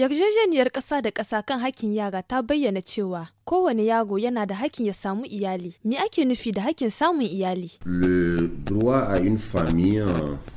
Yarjejeniyar ƙasa da ƙasa kan hakkin yara ta bayyana cewa kowane yaro yana da hakkin ya samu iyali. Me ake nufi da hakkin samun iyali? Le droit à une famille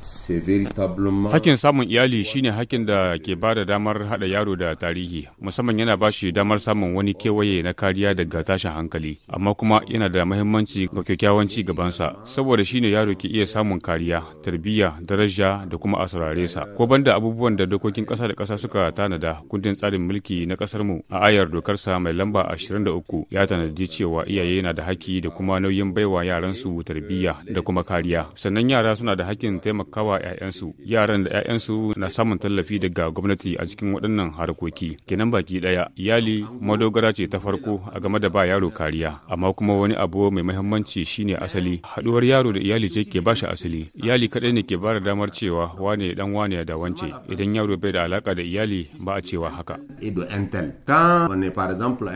c'est véritablement Hakkin samun iyali shine hakkin da ke ba da damar hada yaro da tarihi, musamman yana ba shi damar samun wani kewaye na kariya daga tashin hankali, amma kuma yana da mahimmanci ga kyakkyawan ci gaban sa saboda shine yaro ke iya samun kariya, tarbiyya, daraja da kuma a saurare sa. Ko banda abubuwan da dokokin ƙasa da kasa suka tanada kundin tsarin mulki na mu a ayar dokarsa mai lamba 20 23 ya tanadi cewa iyaye na da haƙƙi da kuma nauyin baiwa yaransu tarbiyya da kuma kariya. Sannan yara suna da haƙƙin taimakawa 'ya'yansu. Yaran da 'ya'yansu na samun tallafi daga gwamnati a cikin waɗannan harkoki. Kenan baki ɗaya, iyali madogara ce ta farko a game da ba yaro kariya, amma kuma wani abu mai muhimmanci shine asali. Haɗuwar yaro da iyali ce ke bashi asali. Iyali kaɗai ne ke bada damar cewa wane dan wane da wance. Idan yaro bai da alaka da iyali ba a cewa haka. par exemple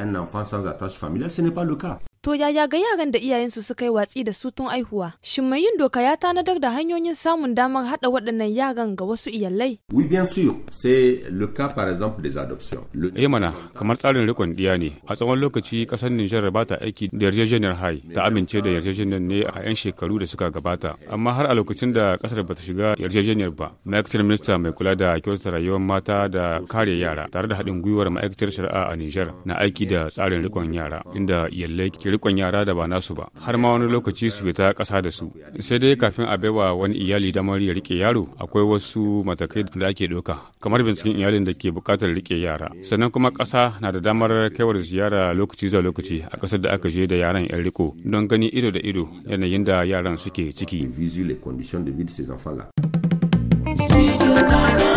sans attache familiale, ce n'est pas le cas. To yaya ga yaran da iyayensu suka yi watsi da su tun aihuwa? Shin mai yin doka ya tanadar da hanyoyin samun damar hada waɗannan yaran ga wasu iyalai? Oui bien sûr, c'est le cas par exemple des adoptions. Eh mana, kamar tsarin rikon ɗiya ne. A tsawon lokaci ƙasar Nijar ba ta aiki da yarjejeniyar Hai ta amince da yarjejeniyar ne a 'yan shekaru da suka gabata. Amma har a lokacin da ƙasar bata ta shiga yarjejeniyar ba, ma'aikatar minista mai kula da kyautata rayuwar mata da kare yara tare da haɗin gwiwar ma'aikatar shari'a a Nijar na aiki da tsarin rikon yara inda iyalai ke rikon yara da ba nasu ba har ma wani lokaci su fita ƙasa da su sai dai kafin a baiwa wani iyali damar ya rike yaro akwai wasu matakai da ake ɗauka kamar binciken iyalin da ke buƙatar rike yara sannan kuma ƙasa na da damar kaiwar ziyara lokaci zuwa lokaci a ƙasar da aka je da yaran yan riko don gani ido da ido yanayin da yaran suke ciki. Studio Ghana.